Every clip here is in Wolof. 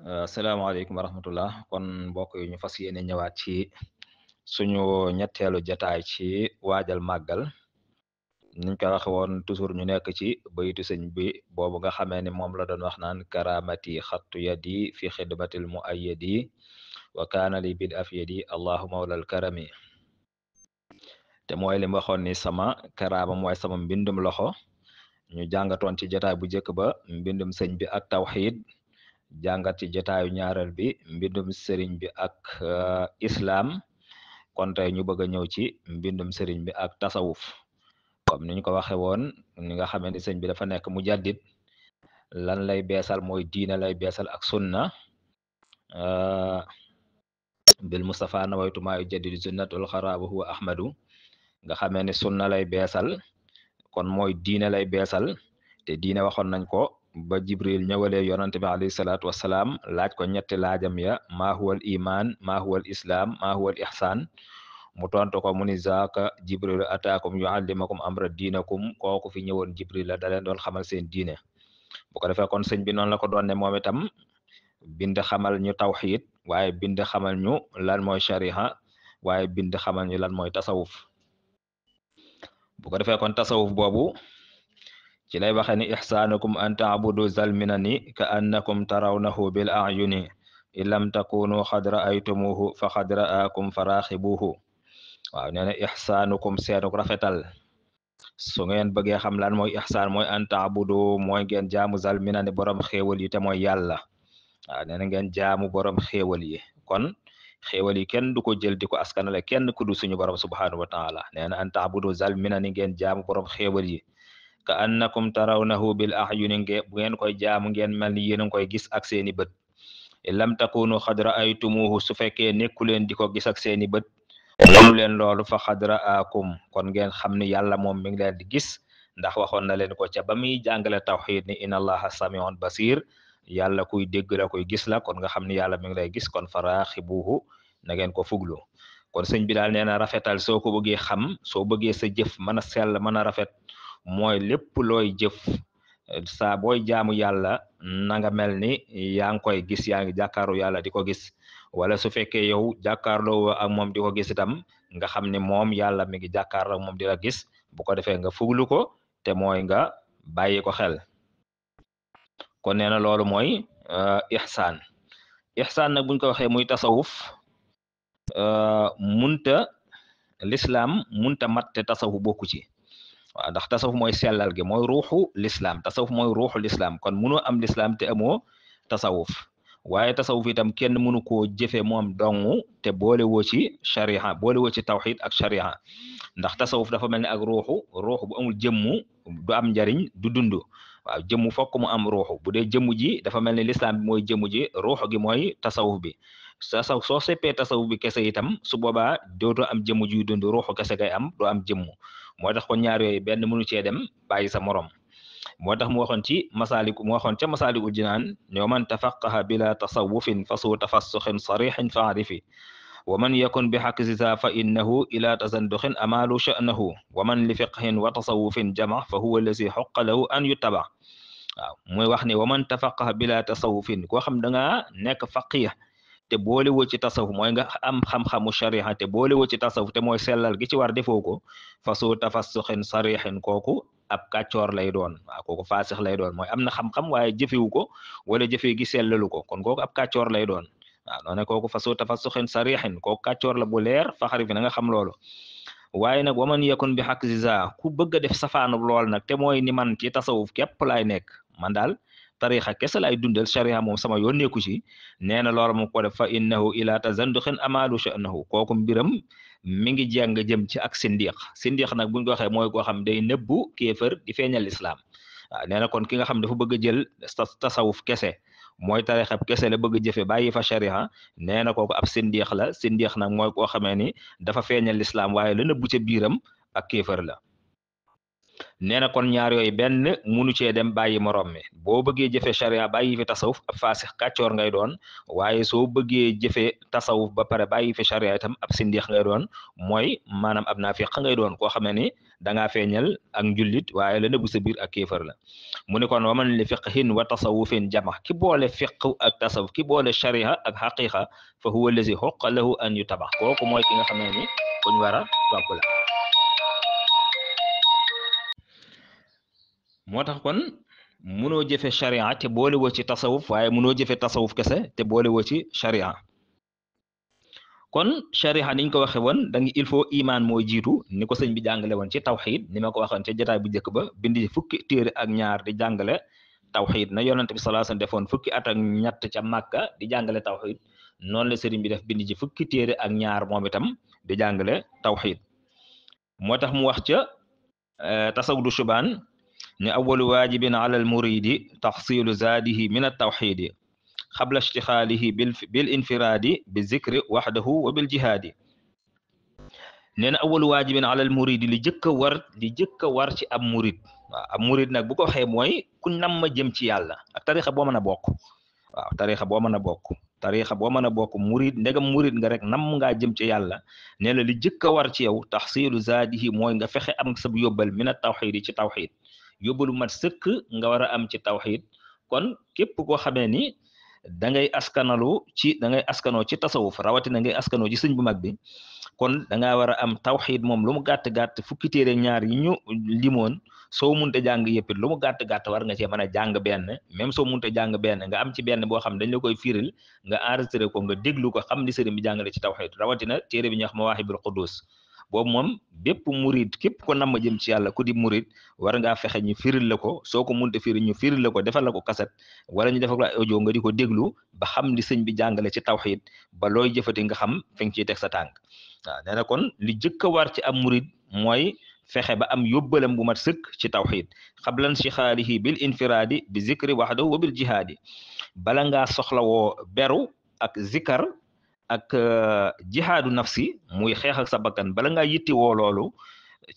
Euh, asalaamaaleykum wa rahmatullah kon mbokk yi ñu fas yéene ñëwaat ci suñu ñetteelu jataay ci waajal màggal niñ ko waxe woon toujours ñu nekk ci bayitu sëñ bi boobu nga xamee ni moom la doon wax naan karamati xattu yadi fi xidmatil muayyadi wa kaana li bid af yadi allahu mawlal karami te mooy li mu waxoon ni sama karaama moy sama mbindum loxo ñu jàngatoon ci jataay bu njëkk ba mbindum sëñ bi ak tawxid jàngat ci jotaayu ñaareel bi mbindum sëriñ bi ak uh, islam kon tey ñu bëgg a ñëw ci mbindum sëriñ bi ak tasawuf comme ni ñu ko waxee woon ni nga xamee ni sëñ bi dafa nekk mu jaddit lan lay beesal mooy diina lay beesal ak sunna na uh, Mustafa nawaytu maa yujaddidu sunnatul xaraabu huwa ahmadu nga xamee ni sunna lay beesal kon mooy diina lay beesal te diina waxoon nañ ko ba jibril ñëwalee yonante bi alayhi salaatu wasalaam laaj ko ñetti laajam ya maa huwal iman maa huwal islam maa huwal ihsan mu tontu ko mu ni zaaka jibril ataakum yuallimakum amra diinakum kooku fi ñëwoon jibril la da leen xamal seen diine bu ko defee kon sëñ bi noonu la ko doon ne moom itam bind xamal ñu tawxiid waaye bind xamal ñu lan mooy shariha waaye bind xamal ñu lan mooy tasawuf bu ko defee kon tasawuf boobu ci lay waxe ni ixsaanukum an taabudu zalminani ka annakum tarawnahu bil ayuni in lam takunu xad raaytumuhu fa xad raakum fa raaxibuhu waaw nee na ixsaanukum seenuk rafetal so ngeen bëggee xam lan mooy ixsaan mooy an taabudu mooy ngeen jaamu zalminani borom xéewal yi te mooy yàlla waaw nee na ngeen jaamu borom xéewal yi kon xéewal yi kenn du ko jël di ko askanale kenn ku du suñu borom subhanahu wa taala nee na an taabudu zalminani ngeen jaamu borom xéewal yi ka annakum tarawnahu bil ahyuni bu ngeen koy jaamu ngeen mel ni yéen a koy gis ak seeni bët lam takunu xad raaytumuhu su fekkee nekkuleen di ko gis ak seeni bët loolu leen loolu fa xad raakum kon ngeen xam ne yàlla moom mi ngi leen di gis ndax waxoon na leen ko ca ba muy jàngale tawxiid ni inna allaha samiun basir yàlla kuy dégg la kuy gis la kon nga xam ne yàlla mi ngi lay gis kon fa raaxibuhu na ngeen ko fuglu kon sëñ bi daal nee rafetal soo ko bëggee xam soo bëggee sa jëf mën a sell mën a rafet mooy lépp looy jëf saa booy jaamu yàlla na nga mel ni yaa ngi koy gis yaa ngi jàkkaaru yàlla di ko gis wala su fekkee yow jàkkaarloo ak moom di ko gis itam nga xam ne moom yàlla mi ngi jàkkaarloo ak moom di la gis bu ko defee nga fuglu ko te mooy nga bàyyi ko xel kon nee na loolu mooy eh, ixsaan ixsaan nag buñ ko waxee muy tasawuf eh, munta lislam munta mat te tasawuf bokku ci waaw ndax tasawuf mooy sellal gi mooy ruuxu lislaam tasawuf mooy ruuxu lislaam kon mënoo am lislam te amoo tasawuf waaye tasawuf itam kenn mënu koo jëfe moom dong te boole woo ci shariha boole woo ci tawxid ak shariha ndax tasawuf dafa mel ne ak ruuxu ruuxu bu amul jëmmu du am njariñ du dund waaw jëmmu mu am ruuxu bu dee jëmmu ji dafa mel ne lislaam mooy jëmmu ji ruuxu gi mooy tasawuf bi tasaw soo seppee tasawuf bi kese itam su boobaa dootoo am jëmmu ji dund ruuxu kese kay am doo am jëmmu motax kon ñaar yoy ben mënu ci dem bàyyi sa morom moo tax mu waxon ci masaaliku mu waxoon ca masaalikul jinaan ñoo man tafaqaha bila tasawufin fasu tafassuxin sarixin faarifi ومن يكن بحق ذا فإنه إلى تزندخ أمال شأنه ومن لفقه وتصوف جمع فهو الذي حق له أن يتبع موي واخني ومن تفقه بلا تصوف كو خم داغا نيك فقيه te boolewoo ci tasawuf mooy nga am xam-xamu shariha te boolewoo ci tasawuf te mooy selal gi ci war defoo ko fasoo tafassuxin sarixin kooku ab kàccoor lay doon waaw kooku faasix lay doon mooy am na xam-xam waaye jëfewu ko wala jëfe gi sellalu ko kon kooku ab kàccoor lay doon waaw noonu kooku fasoo tafassuxin sarixin la bu leer faxari fi na nga xam loolu waaye nag waman yakun bi xaq ziza ku bëgg def safaanub lool nag te mooy ni man ci tasawuf képp laay nekk man daal tarixa kese lay dundal sharia moom sama yoon nekku ci nee na loola mu ko def fa innahu ila tazanduxin amalu sha'nahu kooku mbiram mi ngi jàng jëm ci ak sindiq sindiq nag buñ ko waxee mooy koo xam day nëbbu kéefër di feeñal lislaam waaw nee na kon ki nga xam dafa bëgg a jël tasawuf kese mooy tarixab kese la bëgg jëfe bàyyi fa sharia nee na kooku ab sindiq la sindiq nag mooy koo xamee ni dafa feeñal lislaam waaye la nëbbu ca biiram ak kéefër la nee kon ñaar yoy ben munu ci dem bàyyi morom mi boo bëggee jëfe sharia bàyyi fi tasawuf ab fasikh kacior ngay doon waye so bëggee jëfe tasawuf ba pare bàyyi fi sharia itam ab sindiix ngay doon moy manam ab nafiq ngay doon ko xam ne ni dangaa ak njullit waye la nëbbu sa bir ak kéfer la muné kon waman li fiqhin wa tasawufin jama ki boole fiqh ak tasawuf ki boole sharia ak haqiqa fa huwa allazi huqqa lahu an yutabax kooku moy ki nga xam ni kuñ wara topula moo tax kon mënoo jëfe sharia te boole woo ci tasawuf waaye mënoo jëfe tasawuf kese te boole woo ci sharia kon sharia niñ ko waxe woon da nga il faut imaan mooy jiitu ni ko sëñ bi jàngale woon ci tawxiid ni ma ko waxoon ci jotaay bu njëkk ba bindi fukki téere ak ñaar di jàngale tawxiid na yonante bi sallallahu alayhi defoon fukki at ñett ca màkka di jàngale tawxiid noonu le sëriñ bi def bind ci fukki téere ak ñaar moom itam di jàngale tawxiid moo tax mu wax ca eh, du shubaan أول واجب على المريد تحصيل زاده من التوحيد قبل اشتغاله بالانفراد بالذكر وحده وبالجهاد nee na awal waajibin alal murid li jëkk a war li jëkk a war ci ab murid waaw ab murid nag bu ko waxee mooy ku nam ma jëm ci yàlla ak tarixa boo mën a bokk waaw tarixa boo mën a bokk tarixa boo mën a bokk murid ndegam murid nga rek nam ngaa jëm ci yàlla nee na li jëkk a war ci yow taxsilu zaadihi mooy nga fexe am sab yóbbal mina tawxid yi ci tawxid yóbbalu mat sëkk nga war a am ci tawxid kon képp koo xamee ni da ngay askanalu ci da ngay askanoo ci tasawuf rawatina ngay askanoo ci sëñ bu mag bi kon da ngaa war a am tawxid moom lu mu gàtt-gàtt fukki téere ñaar yi ñu limoon soo munte jàng yëppit lu mu gàtt gat war nga cee mën a jàng benn même soo munte jàng benn nga am ci benn boo xam dañ la koy firil nga enregistré ko nga déglu ko xam li sëriñ bi jàngale ci tawxid rawatina téere bi ñuy wax Mawaahibul Quddus boobu moom bépp murid képp ko nam ma jëm ci yàlla ku di murid war ngaa fexe ñu firil la ko soo ko munte firil ñu firil la ko defal la ko kaset wala ñu defal ko nga di ko déglu ba xam di sëñ bi jàngale ci taw tawxiid ba looy jëfati nga xam fi nga ciy teg sa tànk waaw kon li jëkk a war ci am murid mooy fexe ba am yóbbalam bu mat sëkk ci tawxiid xablan si xaalihi bil infiraadi bi zikri waxdahu wa bil jihaadi bala ngaa soxlawoo beru ak zikar ak euh, jihaadu nafsi muy xeex ak sa bakkan bala nga yitti woo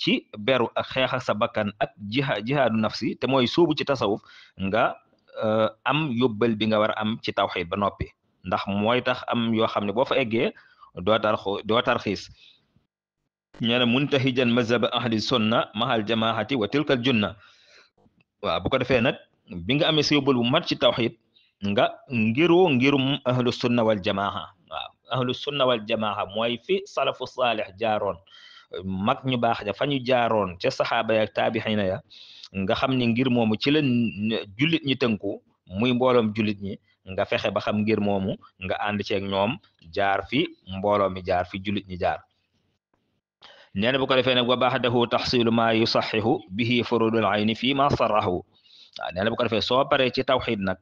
ci beru ak xeex ak sa bakkan ak jiha jihaadu nafsi te mooy suubu ci tasawuf nga euh, am yóbbal bi nga war a am ci tawxiid ba noppi ndax mooy tax am yoo xam ne boo fa eggee doo tar doo tarxiis ñene muntahijan mazhab ahli sunna mahal jamaahati wa tilkal junna waaw bu ko defee nag bi nga amee sa yóbbal bu mat ci tawxiid nga ngiroo ngirum ahlu sunna wal jamaaha ahlu sunna wal jamaa mooy fi salafu saalih jaaroon mag ñu baax ja fa ñu jaaroon ca saxaaba ya taabixina ya nga xam ni ngir moomu ci la jullit ñi tënku muy mbooloom jullit ñi nga fexe ba xam ngir moomu nga ànd ceeg ñoom jaar fi mbooloo mi jaar fi jullit ñi jaar nee na bu ko defee nag wa baxdahu taxsilu maa yusaxihu bihi furudul ayni fii ma sarahu waaw nee na bu ko defee soo paree ci tawxid nag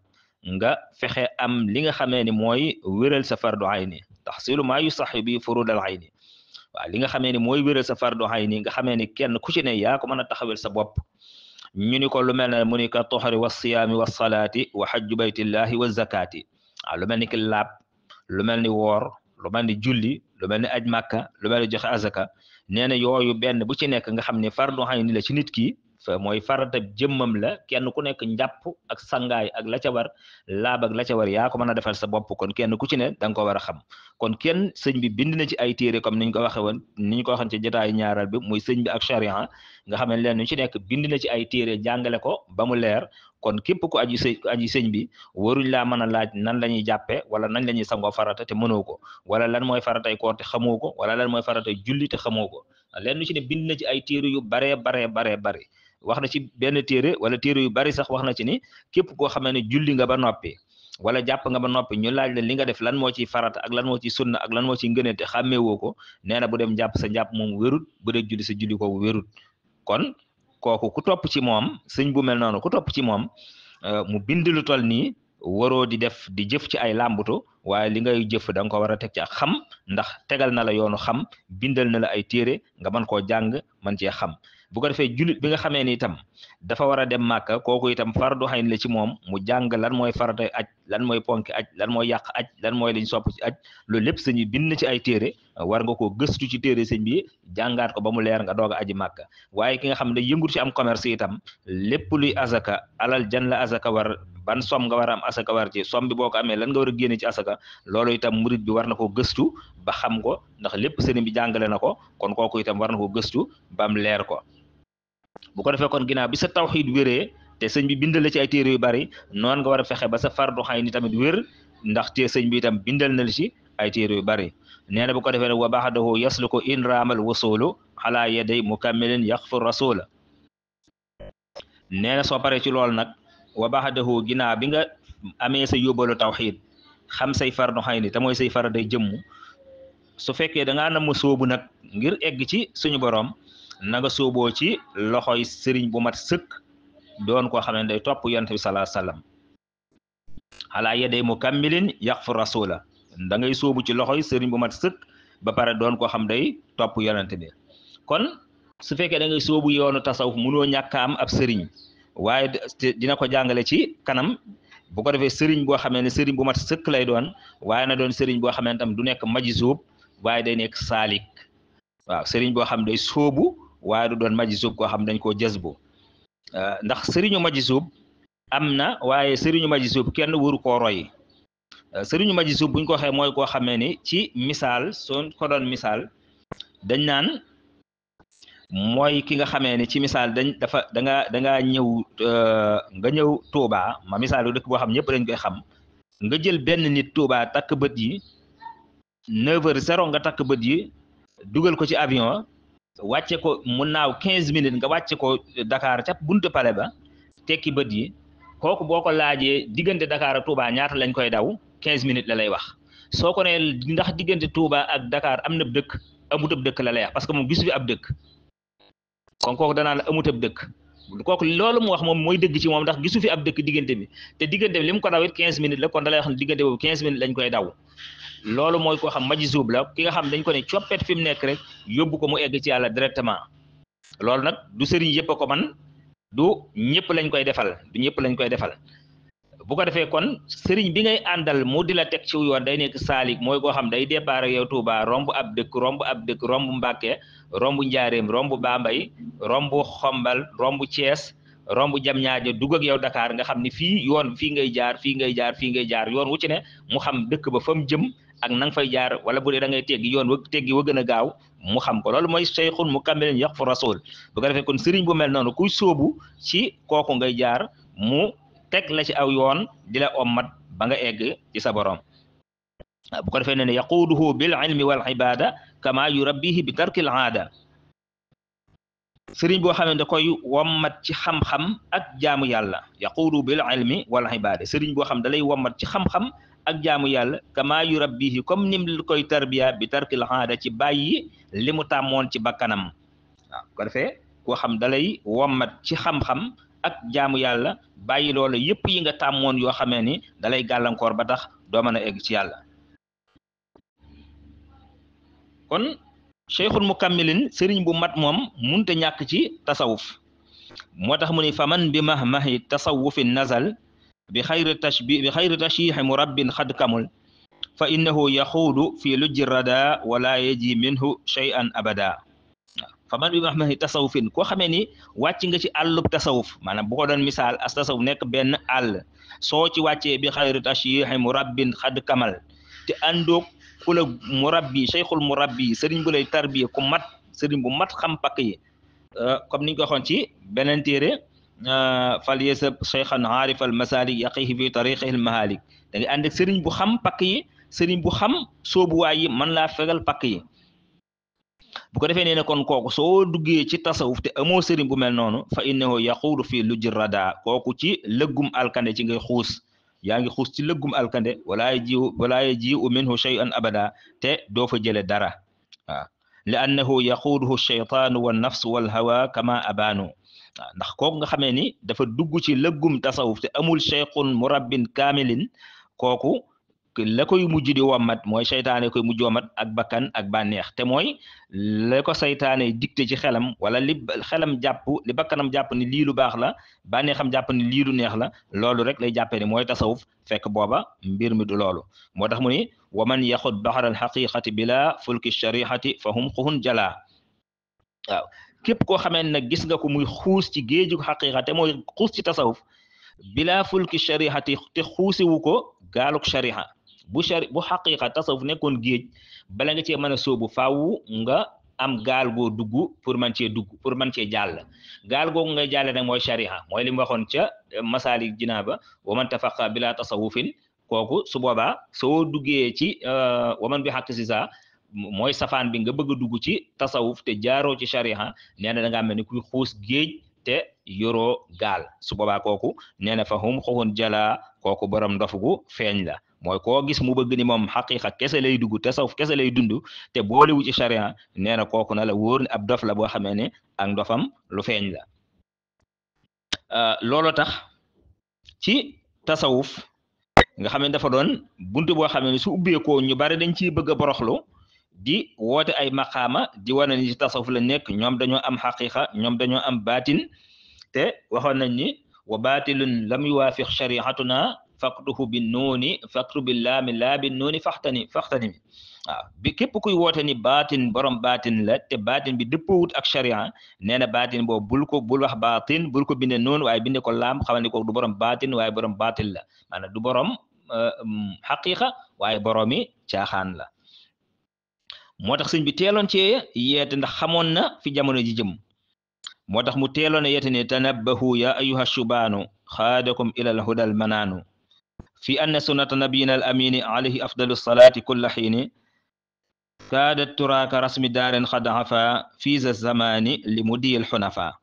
nga fexe am li nga xamee ni mooy wéral sa ayni taxsilu yu yusaxi bi furudal ayni a li nga xamee ni mooy wéral sa fardu ayni nga xamee ni kenn ku ci ne yaa ko mën a taxawel sa bopp ñu ni ko lu mel ne mu ni ka toxari wa siyaami wa salaati wa xajju baytillahi wa zakaati waaw lu mel ni ki laab lu mel ni woor lu mel ni julli lu mel ni aj màkka lu mel joxe azaka nee na yooyu benn bu ci nekk nga xam ne fardu ayni la ci nit ki so mooy farata jëmmam la kenn ku nekk njàpp ak sangaay ak la ca war laab ak la ca war yaa ko mën a defal sa bopp kon kenn ku ci ne da nga ko war a xam kon kenn sëñ bi bind na ci ay téere comme niñ ko waxe woon niñ ko waxan ci jotaayu ñaaral bi moy sëñ bi ak charia nga xam ne leen ci nekk bind na ci ay téere jàngale ko ba mu leer kon képp ku aju sëñ aju sëñ bi waruñ laa mën a laaj nan la ñuy jàppee wala nan la ñuy sangoo farata te mënoo ko wala lan mooy faratay koor te xamoo ko wala lan mooy faratay julli xamoo ko leen ñu ci ne bind na ci ay téere yu baree baree baree bare wax na ci benn téere wala téere yu bari sax wax na ci ni képp koo xamee ne julli nga ba noppi wala jàpp nga ba noppi ñu laaj la li nga def lan moo ci farata ak lan moo ciy sunna ak lan moo ciy ngëneente xàmmee woo ko nee na bu dem jàpp sa jàpp moom wérut bu dee julli sa julli ko wérut kon kooku ku topp ci moom sëñ bu mel noonu ku topp ci moom euh, mu bind lu toll nii waroo di def di jëf ci ay làmbatu waaye li ngay jëf da ko war a teg ci ak xam ndax tegal na la yoonu xam bindal na la ay téere nga mën koo jàng mën cee xam bu ko defee julit bi nga xamee ni itam dafa war a dem màkka kooku itam fardu xayn la ci moom mu jàng lan mooy farata aj lan mooy ponki aj lan mooy yàq aj lan mooy liñ sopp ci aj loolu lépp sëñ bi bind ci ay téere war nga koo gëstu ci téere sëñ bi jàngaat ko ba mu leer nga doog aji màkka waaye ki nga xam ne yëngut ci am commerce itam lépp luy azaka alal jan la azaka war ban som nga war a am asaka war ci som bi boo ko amee lan nga war a génne ci asaka loolu itam murit bi war na ko gëstu ba xam ko ndax lépp sëriñ bi jàngale na ko kon kooku itam war na ko gëstu bam leer ko bu ko defee kon ginnaaw bi sa tawxiid wéree te sëñ bi bindal la ci ay téere yu bari noonu nga war a fexe ba sa fardu xay ni tamit wér ndax te sëñ bi itam bindal na la ci ay téere yu bari nee na bu ko defee ne wa baxdahu yasluku in raamal wasulu ala yaday mukammilin yaxfu rasula nee na soo paree ci lool nag wa defoo ginnaaw bi nga amee sa yóbbalu tawxiid xam say fardu xay ni te mooy say faraday jëmm su fekkee da ngaa nam sóobu nag ngir egg ci suñu boroom nanga sóoboo ci loxoy sëriñ bu mat sëkk doon koo xam ne day topp yonent bi salaa sallam xalaa yeday mu kammilin yaxfu rasula da ngay sóobu ci loxoy sëriñ bu mat sëkk ba pare doon koo xam day topp yonent bi kon su fekkee dangay ngay sóobu yoonu tasawuf mënoo ñàkk am ab sëriñ waaye dina ko jàngale ci kanam bu ko defee sëriñ boo xamee ne sëriñ bo mat sëkk lay doon waaye na doon sëriñ boo xamee ne tam du nekk majisub waaye day nekk saalik waaw sëriñ boo xam day sobu waaye du doon majisub koo xam dañ koo jazbu ah, ndax sëriñu majisub am na waaye sëriñu majisub kenn wuru ko roy ah, sëriñu majisub buñ ko waxee mooy koo xamee ni ci misaal soo ko doon misaal dañ naan mooy ki nga xamee ni ci misaal dañ dafa da nga da ngaa ñëw ah, nga ñëw Touba ma misaal yu dëkk boo xam ñëpp dañ koy xam nga jël benn nit Touba takk bët yi neuf heures nga takk bët yi dugal ko ci avion wàcce ko mu naaw quinze minutes nga wàcce ko dakaar ca buntu pale ba tekki bët yi kooku boo ko laajee diggante dakaar ak Touba ñaata lañ koy daw quinze minutes la lay wax soo ko nee ndax diggante Touba ak Dakar am na dëkk amut ab dëkk la lay parce que moom gisu fi ab dëkk kon kooku danaa la amut dëkk kooku loolu mu wax moom mooy dëgg ci moom ndax gisu fi ab dëkk diggante bi te diggante bi li mu ko daw it quinze minutes la kon da wax ne diggante lañ koy daw loolu mooy koo xam majzub la ki nga xam dañ ko ne coppet fi mu nekk rek yóbbu ko mu egg ci yàlla directement loolu nag du sëriñ yëpp a ko man du ñëpp lañ koy defal du ñëpp lañ koy defal bu ko defee kon sëriñ bi ngay àndal mu di la teg ci yoon day nekk saalik mooy koo xam day départ ak yow Touba romb ab dëkk romb ab dëkk romb Mbàkke romb Njaareem romb Bambey romb Xombal romb Thiès romb Jamñaajo ja ak yow Dakar nga xam ni fii yoon fii ngay jaar fii ngay jaar fii ngay jaar yoon wu ci ne mu xam dëkk ba fa mu jëm ak na fay jaar wala bu dee da ngay teggi yoon wa teggi wa a gaaw mu xam ko loolu mooy seyxun mu kammelin yax fu rasul bu ko defee kon sëriñ bu mel noonu kuy sóobu ci kooku ngay jaar mu teg la ci aw yoon di om mat ba nga egg ci sa borom bu ko defee nee ne yaquuduhu bil ilmi wal ibada kama yurabbihi bi tarkil aada sëriñ boo xamee da koy wommat ci xam-xam ak jaamu yàlla yaqulu bil ilmi wal ibaada sëriñ boo xam dalay wommat ci xam-xam ak jaamu yàlla kama yurabbihi comme nim li koy tarbiya bi tarkil aada ci bàyyi li mu tàmmoon ci bakkanam waaw ko defee koo xam dalay wommat ci xam ak jaamu yàlla bàyyi loola yépp yi nga tàmmoon yoo xamee ni dalay gàllankoor ba tax doo mën a egg ci yàlla kon cheikhul mukammilin sëriñ bu mat moom munte ñàkk ci tasawuf moo tax mu ni faman bi mahmahi tasawufin nazal bi xayri tashbi bi xayri tashiixi murabbin xad kamul fa innahu yaxuudu fi lujji rada wala yaji minhu shay'an abada faman bi mahmahi tasawufin koo xamee ni wàcc nga ci àllub tasawuf maanaam bu ko doon misaal as tasawuf nekk benn àll soo ci wàccee bi xayri tashiixi murabbin xad kamal te àndoog ku la murabbi cheikhul murabbi sëriñ bu lay tarbiya ku mat sëriñ bu mat xam pakk yi comme niñ ko waxoon ci beneen téere fal yasab cheikhan aarif al masalik yaqihi fi tariqihi al mahalik da ngay ànd ak sëriñ bu xam pakk yi sëriñ bu xam soobuwaay yi man laa fegal pakk yi bu ko defee nee na kon kooku soo duggee ci tasawuf te amoo sëriñ bu mel noonu fa innahu yaquudu fii lujji rada ci lëggum alkande ci ngay xuus yaa ngi xuus ci lëggum alkande walaa yajiu walaa yajiu minhu abada te doo fa jële dara waaw li annahu yaxuuduhu shaytaanu wa nafs wal hawa kama abaanu ndax kooku nga xamee ni dafa dugg ci lëggum tasawuf te amul cheikhun murabbin kaamilin kooku la koy mujj di wamat mooy seytaane koy mujj wamat ak bakkan ak bànneex te mooy la ko seytaane dicté ci xelam wala li xelam jàpp li bakkanam jàpp ni lii lu baax la bànneexam jàpp ni lii lu neex la loolu rek lay jàppee ni mooy tasawuf fekk booba mbir mi du loolu moo tax mu ni wa man yaxud alxaqiqati bila fulki sharihati fa hum xuhun jalaa waaw képp koo xamee nag gis nga ko muy xuus ci géeju xaqiqa te mooy xuus ci tasawuf bila fulki sharihati te xuusiwu ko gaaluk shariha bu chari bu xaqiqa tasawuf nekkoon géej bala nga cee mën a sóobu faaw nga am gaal goo dugg pour man cee dugg pour man cee jàll gaal googu ngay jàlle nag mooy shariha mooy li mu waxoon ca eh, masaalik jinaaba wa man tafaqa bila tasawufin kooku su boobaa soo duggee ci euh, waman bi xaq si sa mooy safaan bi nga bëgg a dugg ci tasawuf te jaaroo ci shariha nee na da ngaa mel ni kuy xuus géej te yoro gaal su boobaa kooku nee na fa hum jala kooku borom ndof gu feeñ la mooy koo gis mu bëgg ni moom xaqiqa kese lay dugg tasawuf kese lay dund te boolewu ci charia nee na kooku na la wóor ne ab dof la boo xamee ne ak ndofam lu feeñ la euh, loolu tax ci tasawuf nga xam ne dafa doon buntu boo xamee ne su ubbeekoo ñu bari dañ ciy bëgg a boroxlu di woote ay maqaama di wane ni tasawuf la nekk ñoom dañoo am xaqiqa ñoom dañoo am baatin te waxoon nañ ni wa baatilun lam yuwaafiq shariatuna فقره بالنون فقر باللام لا بالنون فاختني فاختني بكيب كوي ووتاني باتين برم باتين لا تي باتين بي ديبوت اك باتين بو بولكو بول واخ باتين بولكو بين نون واي بين كو لام خامل كو دو بروم باتين واي بروم باتين لا مانا دو بروم حقيقه واي برومي تياخان لا موتخسين سيني بي تيلون تي في جامونو جي جيم موتاخ مو تيلون ييتني تنبهو يا ايها الشبان خادكم الى الهدى المنانو في أن سنة نبينا الأمين عليه أفضل الصلاة كل حين كادت تراك رسم دار خدعفا في ذا الزمان لمدي الحنفاء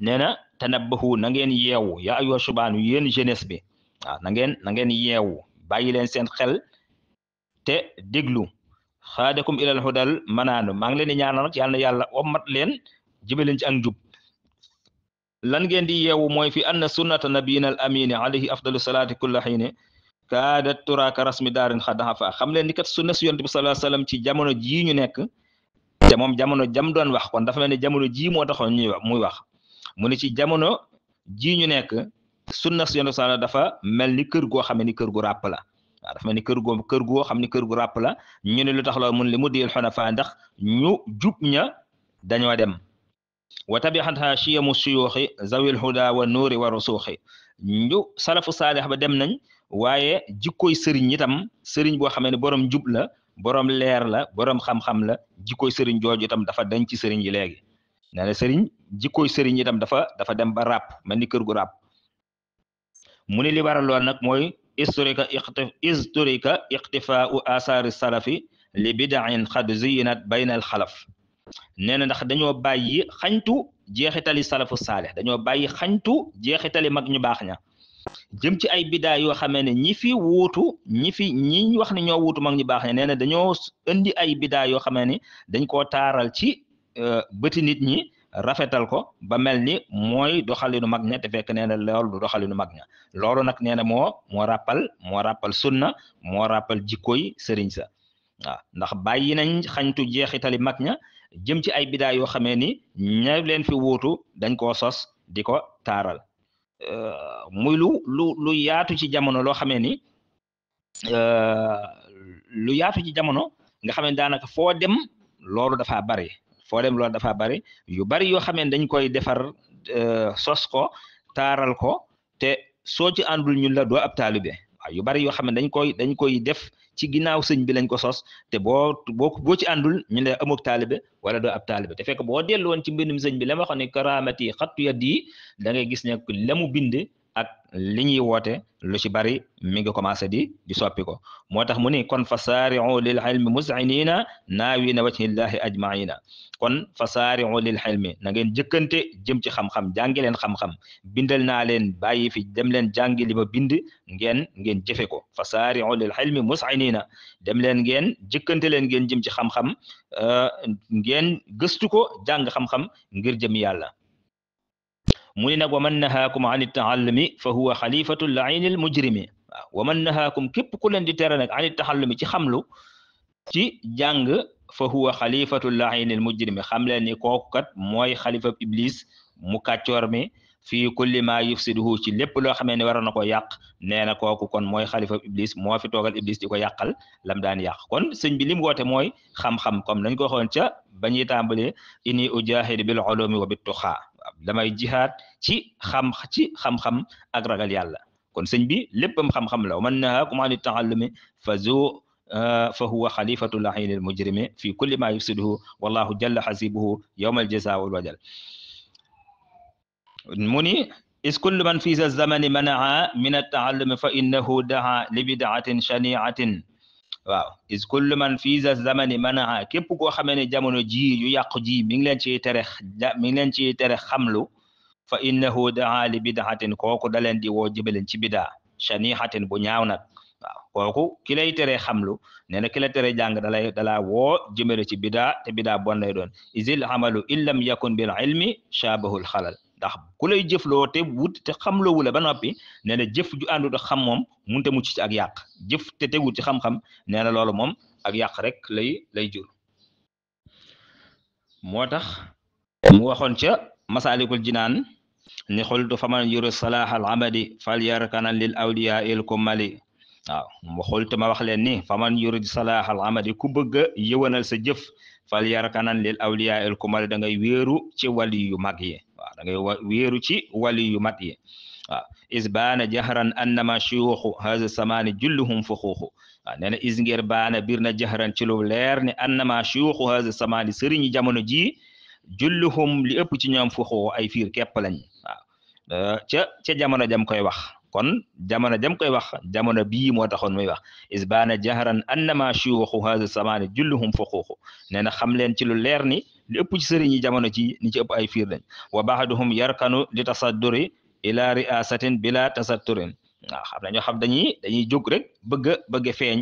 ننا تنبهو نغين يو يا أيها الشبان ين جنس بي آه، نغين نغين يو باي لين سين خل ت déglu خادكم الى hudal manaanu maa نيانا leen di ñaanal nag yàlla lan ngeen di yeewu mooy fi anna sunnata nabiyina al amini alayhi afdalu salaati kulla xiine kaadat turaaka rasmi daarin xadaxafa xam leen ni kat sunna si yonte bi salaa sallam ci jamono jii ñu nekk te moom jamono jam doon wax kon dafa mel ni jamono jii moo taxoon ñuy wax muy wax mu ne ci jamono jii ñu nekk sunna si yonte sala dafa mel ni kër goo xam ne ni kër gu ràpp la waaw dafa mel ni kër goo kër goo xam ni kër gu ràpp la ñu ne lu tax la mun li mu diyel xonafaa ndax ñu jub ña dañoo dem wa tabiatha chiyamu suyuuxi zawil huda wa nuuri wa rusuuxi ñu salafu saalix ba dem nañ waaye jikkooy sëriñ itam sëriñ boo xamee ne borom jub la borom leer la borom xam-xam la jikkooy sëriñ jooju itam dafa dañ ci sëriñ yi léegi nee na sëriñ jikkooy sëriñ itam dafa dafa dem ba ràpp mel ni kër gu ràpp mu ne li waral lool nag mooy historique historique iqtifaau asaari salafi li bidain xad ziyinat bayna xalaf nee na ndax dañoo bàyyi xañtu jeexitali salafu saalih dañoo bàyyi xañtu jeexitali mag ñu baax ña jëm ci ay bidaa yoo xamee ne ñi fi wuutu ñi fi ñi wax ne ñoo wuutu mag ñu baax ña nee na dañoo indi ay bidaa yoo xamee ni dañ koo taaral ci e, bëti nit ñi rafetal ko ba mel ni mooy doxalinu mag ña te fekk nee na loolu du doxalinu mag ña loolu nag nee na moo moo ràppal moo ràppal sunna moo ràppal jikkoy sëriñ sa waaw ndax bàyyi nañ jeexitali mag ña jëm ci ay bidaa yoo xamee ni ña leen fi wuutu dañ koo sos di ko taaral euh, muy lu lu lu yaatu ci jamono loo xamee ni euh, lu yaatu ci jamono nga xamee daanaka foo dem loolu dafa bari foo dem loolu dafa bari yu bari yoo xamee dañ koy defar euh, sos ko taaral ko te soo ci àndul ñun la doo ab taalibe waaw yu bari yoo xam ne dañ koy dañ koy def ci ginnaaw sëñ bi lañ ko sos te boo boo boo ci àndul ñu ne amuk taalibe wala doo ab taalibe te fekk boo dellu woon ci mbindum sëñ bi la ma xam ne karaamati xattu yaddi da ngay gis ne la mu bind ak li ñuy woote lu ci bari mi ngi commencé di di soppi ko moo tax mu ni kon fa saariu lil xilmi musinina naawi na wajhillahi ajmaina kon fa saariu lil xilmi na ngeen jëkkante jëm ci xam-xam jàngi leen xam-xam bindal naa leen bàyyi fi dem leen jàngi li ma bind ngeen ngeen jëfe ko fa saariu lil xilmi musinina dem leen ngeen jëkkante leen ngeen jëm ci xam-xam euh, ngeen gëstu ko jàng xam-xam ngir jëm yàlla من نغ ومن نهاكم عن التعلم فهو خليفه اللعين المجرم ومن نهاكم كيب كولن دي تيرا عن التعلم تي خملو تي جانغ فهو خليفه اللعين المجرم خملا نيكوك كوك موي خليفه ابليس مكاتور مي في كل ما يفسده تي ليب لو خامني ورا نكو نينا كوك كون موي خليفه ابليس مو في توغال ابليس ديكو ياقال لام دان ياق كون سيغ بي ليم ووتي موي خام خام كوم نانكو خون تي باني اني اجاهد بالعلوم وبالتخا damay jihad ci xam ci xam-xam ak ragal yàlla kon sëñ bi léppam xam-xam la man nahaakum ani taallumi fa zu fa huwa xalifatu laxin al mujrimi fi kulli ma yufsiduhu wallahu jalla hasibuhu yawm al-jaza wal badal muni is kullu man fi zamani manaa min at attaallumi fa innahu daa li bidatin shaniatin waaw is kullu man fii za zamani manaa képp koo xamee ne jamono ji yu yàqu ji mi ngi leen ciy tere mi ngi leen ciy tere xamlu fa innahu daa li bidaatin kooku da leen di woo jëbaleen ci bidaa shanihatin bu ñaaw nag waaw kooku ki lay teree xamlu nee na ki la teree jàng dalay dalaa woo jëmale ci bidaa te bidaa bon lay doon isil amalu in lam yakun bil ilmi shaabahul xalal ndax ku lay jëfloo te wut te xamloowu la ba noppi nee na jëf ju àndut ak xam moom munte mucc ci ak yàq jëf te tegu ci xam-xam nee na loolu moom ak yàq rek lay lay jur moo tax mu waxoon ca masalikul jinaan ni xultu faman yuru salaaha al amadi fal yarkanan lil awliya il kumali waaw mu xultu ma wax leen ni faman yuru salaaha al amadi ku bëgg a sa jëf fal yarkanan lil awliya il kumali da ngay wéeru ci wali yu mag yi waaw da ngay ci wali yu mat yi waaw is baana jaxaran annama shuyuxu haza samaani julluhum fuxuuxu waaw nee na is ngir baana bir na jaxaran ci lu leer ne annama shuyuxu haza samaani jamono ji julluhum li ëpp ci ñoom fuxuuxu ay fiir képp lañ ca ca jamono jam koy wax kon jamono jam koy wax jamono bii moo taxoon muy wax is baana jaxaran annama shuyuxu haza samaani julluhum fuxuuxu nee na xam leen ci lu leer ni li ëpp ci sëriñ yi jamono ci ni ci ëpp ay fiir lañ wa baaduhum yarkanu li tasadduri ila riasatin bila tasatturin waaw xam na ñoo xam dañuy dañuy jóg rek bëgg a bëgg feeñ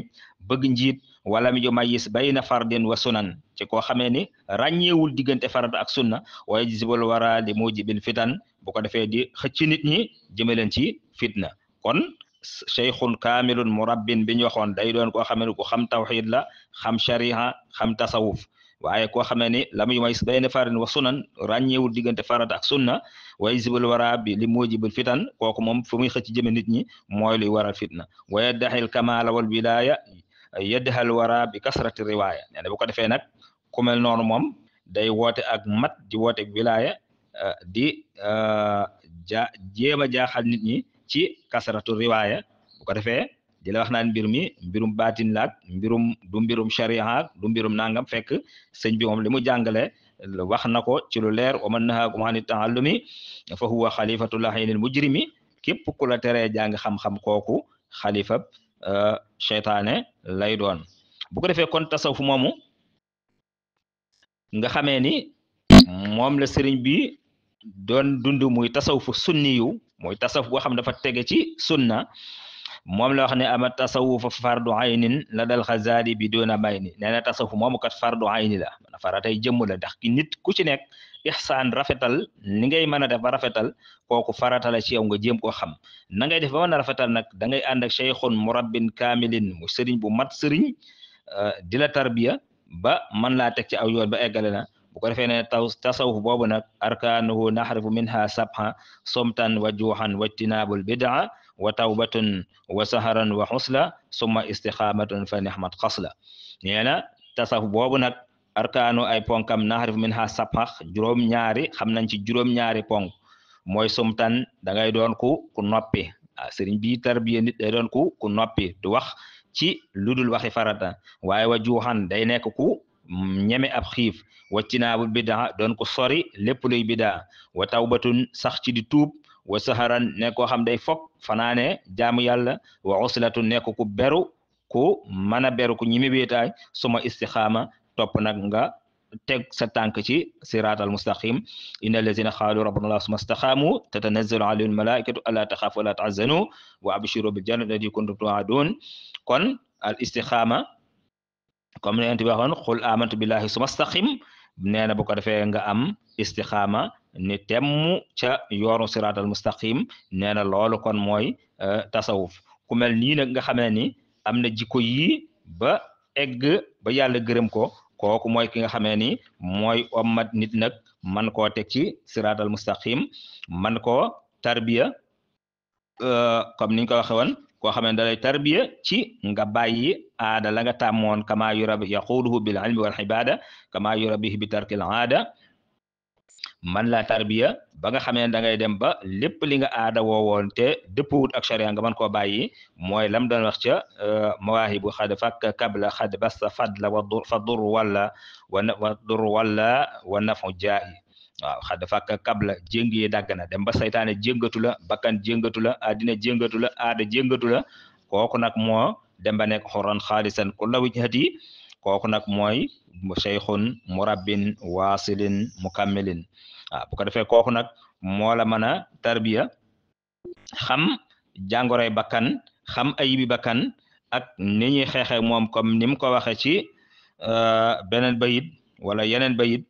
bëgg njiit wala mi yumayyiz bayna fardin wa sunan ci koo xamee ni ràññeewul diggante farata ak sunna waaye jisibal wara li mujibil fitan bu ko defee di xëcc nit ñi jëme leen ci fitna kon cheikhun kaamilun murabbin bi ñu waxoon day doon koo xamee ni ku xam tawxid la xam shariha xam tasawuf waaye koo xam ne ni la muy mays bayna farin wa sunan ràññeewul diggante farata ak sunna way zibal wara bi li mujibul fitan kooku moom fu muy xëcc jëme nit ñi mooy li waral fitna wa yaddaxil kamaala wal bidaaya yaddaxal wara bi kasrati riwaaya nee na bu ko defee nag ku noonu moom day woote ak mat di woote ak eh, di eh, ja jéem a jaaxal nit ñi ci kasratu riwaaya bu ko defee di la wax naan mbir mi mbirum batin laak mbirum du mbirum shariha du mbirum nangam fekk sëñ bi mom limu jàngale wax nako ci lu leer o man nahaakum ani taallumi fa huwa lahin al mujrimi kep ku la tere jàng xam-xam koku khalifa shaytané lay doon bu ko defé kon tasawuf moomu nga xamé ni mom la sëriñ bi doon dundu muy tasawuf sunni yu tasawuf bo xam dafa tege ci sunna mom la wax ne ama tasawuf fardu ayn la dal khazali bi bayni may na tasawuf mom kat fardu ayn la fara tay jëm la ndax ki nit ku ci nek ihsan rafetal ni ngay meuna def ba rafetal koku farata la ci yow nga jëm ko xam na ngay def ba mën rafetal nak da ngay ànd ak shaykhun murabbin kamilin mu sëriñ bu mat sëriñ di la tarbiya ba man la tek ci aw yoon ba egalena bu ko defee ne tasawuf bobu nak arkaanuhu nahrifu minha sabha somtan wa juuxan wajtinaabul وتوبة وسهرا وحسلة ثم استقامة فنعمة قصلة نينا تصف بوبو نك arkaanu ay ponkam naxarif min ha sapax juróom ñaari xam nañ ci juróom ñaari ponk mooy sumtan da ngay doon ku ku noppi sëriñ bi tarbiya nit day doon ku ku noppi du wax ci ludul waxi farata waaye wa juuxan day nekk ku ñeme ab xiif waccinaabu bidaa doon ko sori lépp luy bidaa wa tawbatun sax ci di tuub wa saharan nekk ko xam day fokk fanaane jaamu yàlla wa uslatu nekk ku beru ku mën a beru ku ñimi wéetaay suma istixaama topp nag nga teg sa tànk ci sirat al mustaqim inna allazina xaalu rabbuna allah suma staxaamu tatanazalu wa abshiru bil jannati kuntum tuadun kon al istixaama comme ne ent bi waxoon xul amantu billahi suma staqim nee na bu ko defee nga ne temm ca yoonu siraat al mustaqim nee na loolu kon mooy tasawuf ku mel nii nag nga xamee ni am na jikko ba egg ba yàlla gërëm ko kooku mooy ki nga xamee ni mooy ommat nit nag man koo teg ci siraat al mustaqim man koo tarbiya comme niñ ko waxe woon koo xamee ne dalay tarbiya ci nga bàyyi aada la nga tàmmoon kama yurabi yaquuduhu bil ilmi wal ibada kama yurabihi bi tarkil aada man la tarbiya ba nga xamee da ngay dem ba lépp li nga aada woowoon te dëppwut ak sharia nga mën koo bàyyi mooy lam doon wax ca euh, mawaahibu xad fakk kabla xad basta fadla wa fa dur wala wa dur wala wa nafu jaahi waaw xad fakk kabla jéng dagg na dem ba saytaane jéngatu la bakkan jéngatu la addina jéngatu la aada jéngatu la kooku nag moo dem ba nekk xoron xaalisan ku la wijhati kooku nag mooy شيخ مرب واصل مكمل بو كو ديفه كوكو نك مولا مانا تربيه خم جانغوراي بكان خم ايبي بكان اك ني خيخه موم كوم نيم كو واخه سي بنن بايد ولا ينن بايد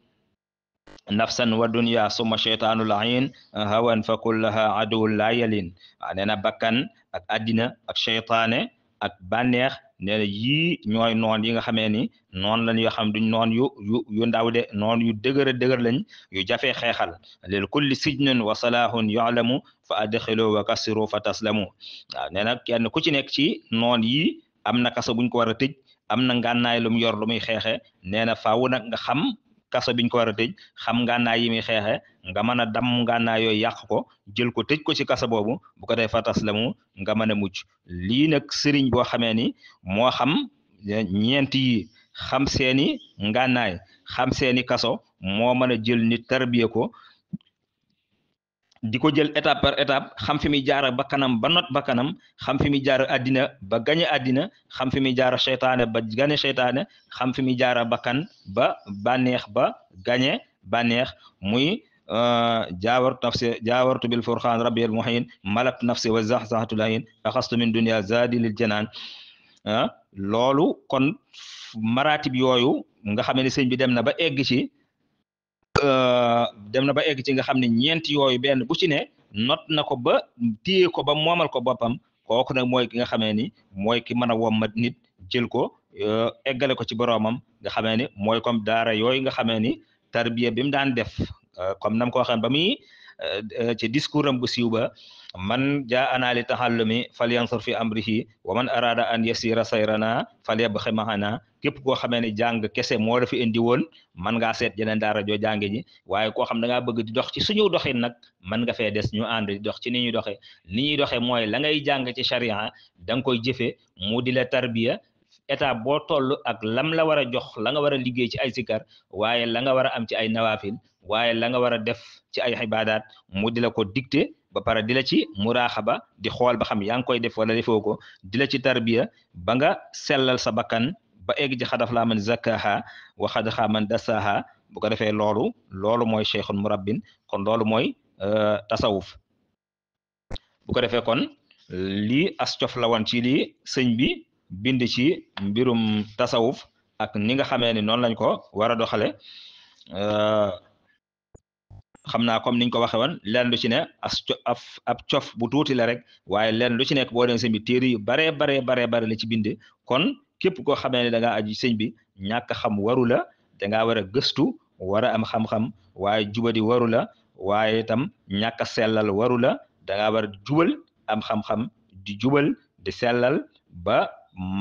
نفسا ودنيا ثم شيطان العين هوا فكلها عدو لا يلين انا بكان اك ادينا اك شيطان اك بانيخ neena yi yii ñooy noon yi nga xamee ni noon lañ yoo xam duñ noon yu yu yu ndaw de noon yu dëgër dëgër lañ yu jafe xeexal lil kulli sijnun wa salahun yalamu fa adxilu wa kasiru fa taslamu waaw nee na kenn ku ci nekk ci noon yi am na kaso buñ ko war a tëj am na ngànnaay lu mu yor lu muy xeexe nee na faaw nag nga xam kaso biñ ko war a tëj xam ngànnaay yi muy xeexe nga mën a damm ngànnaay yooyu yàq ko jël ko tëj ko ci kaso boobu bu ko dee fatas la mu nga mën a mucc lii nag sëriñ boo xamee ni moo xam ñeent yi xam seeni ngànnaay xam seeni kaso moo mën a jël nit tarbiye ko di ko jël étape par étape xam fi muy jaara ba kanam ba not ba kanam xam fi muy jaara àddina ba gañe àddina xam fi muy jaara seytaane ba gañe seytaane xam fi muy jaara bakkan ba baneex ba gañe bànneex muy jaawartu nafsi jaawartu bil furqaan rabbiyal muhin malak nafsi wa zaxzaxatul ayin axastu min dunia zaadi lil janaan ah, loolu kon maratib yooyu nga xam ne sëñ bi dem na ba egg ci Euh, dem na ba egg ci nga xam ne ñeent yooyu benn bu ci ne not na ko ba téye ko ba moomal ko boppam kooku nag mooy ki nga xamee ni mooy ki mën a wommat nit jël ko euh, eggale ko ci boromam nga xamee ni mooy comme daara yooyu nga xamee ni tarbiya bi mu daan def euh, comme nam ko waxee ba muy ci discours am bu siiw ba man jaa anaa li taxallumi fal yansur fi amrihi wa man arada an yasira sayrana fal yabxi mahana képp koo xamee ne jàng kese moo la fi indi woon man ngaa seet jeneen daara joo jànge ji waaye koo xam da ngaa bëgg di dox ci suñu doxin nag man nga fee des ñu ànd di dox ci ni ñuy doxee ni ñuy doxee mooy la ngay jàng ci charia da koy jëfee mu di la tarbiya état boo toll ak lam la war a jox la nga war a liggéey ci ay sikar waaye la nga war a am ci ay nawaafil waaye la nga war a def ci ay ibaadaat mu di la ko dicté ba pare di la ci muraaxaba di xool ba xam yaa ngi koy def wala defoo ko di la ci tarbiya ba nga sellal sa bakkan ba egg ji xadaf laa man zakkaha wa xadaxa man dasaha bu ko defee loolu loolu mooy cheikhun murabbin kon loolu mooy euh, tasawuf bu ko defee kon lii as cof ci lii sëñ bi bind ci mbirum tasawuf ak ni nga xamee ni noonu lañ ko war a doxale euh, xam naa comme niñ ko waxee woon lenn lu ci ne ab cof bu tuuti la rek waaye lenn lu ci nekk boo dem sëñ bi téere yu baree baree baree bare la ci bind kon képp koo xamee ne da ngaa aju sëñ bi ñàkk xam waru la da ngaa war a gëstu war a am xam-xam waaye jubadi waru la waaye itam ñàkk a sellal waru la da war a jubal am xam-xam di jubal di sellal ba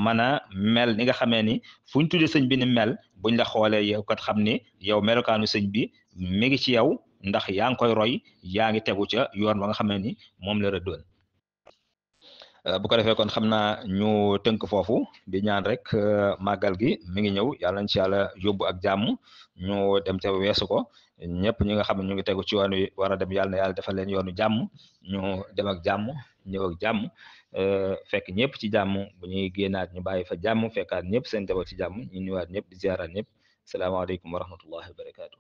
mën a mel ni nga xamee ni fu ñu sëñ bi ni mel buñ la xoolee yow kat xam ni yow melokaanu sëñ bi mi ngi ci yow ndax yaa ngi koy roy yaa ngi tegu ca yoon ba nga xam ne ni moom la rëddoon euh, bu ko defee kon xam naa ñu tënk foofu di ñaan rek euh, màggal gi mi ngi ñëw yàlla nañ ci yàlla yóbbu ak jàmm ñu dem te weesu ko ñëpp ñi nga xam ñu ngi tegu ci yoon war a dem yàlla yàlla defal leen yoonu jàmm ñu dem ak jàmm ñëw ak jàmm euh, fekk ñëpp ci jàmm bu ñuy génnaat ñu bàyyi fa jàmm fekkaat ñëpp seen jabar ci jàmm ñu nuyuwaat ñëpp di ziaraat ñëpp salaamaaleykum wa rahmatullahi wa barakaatu.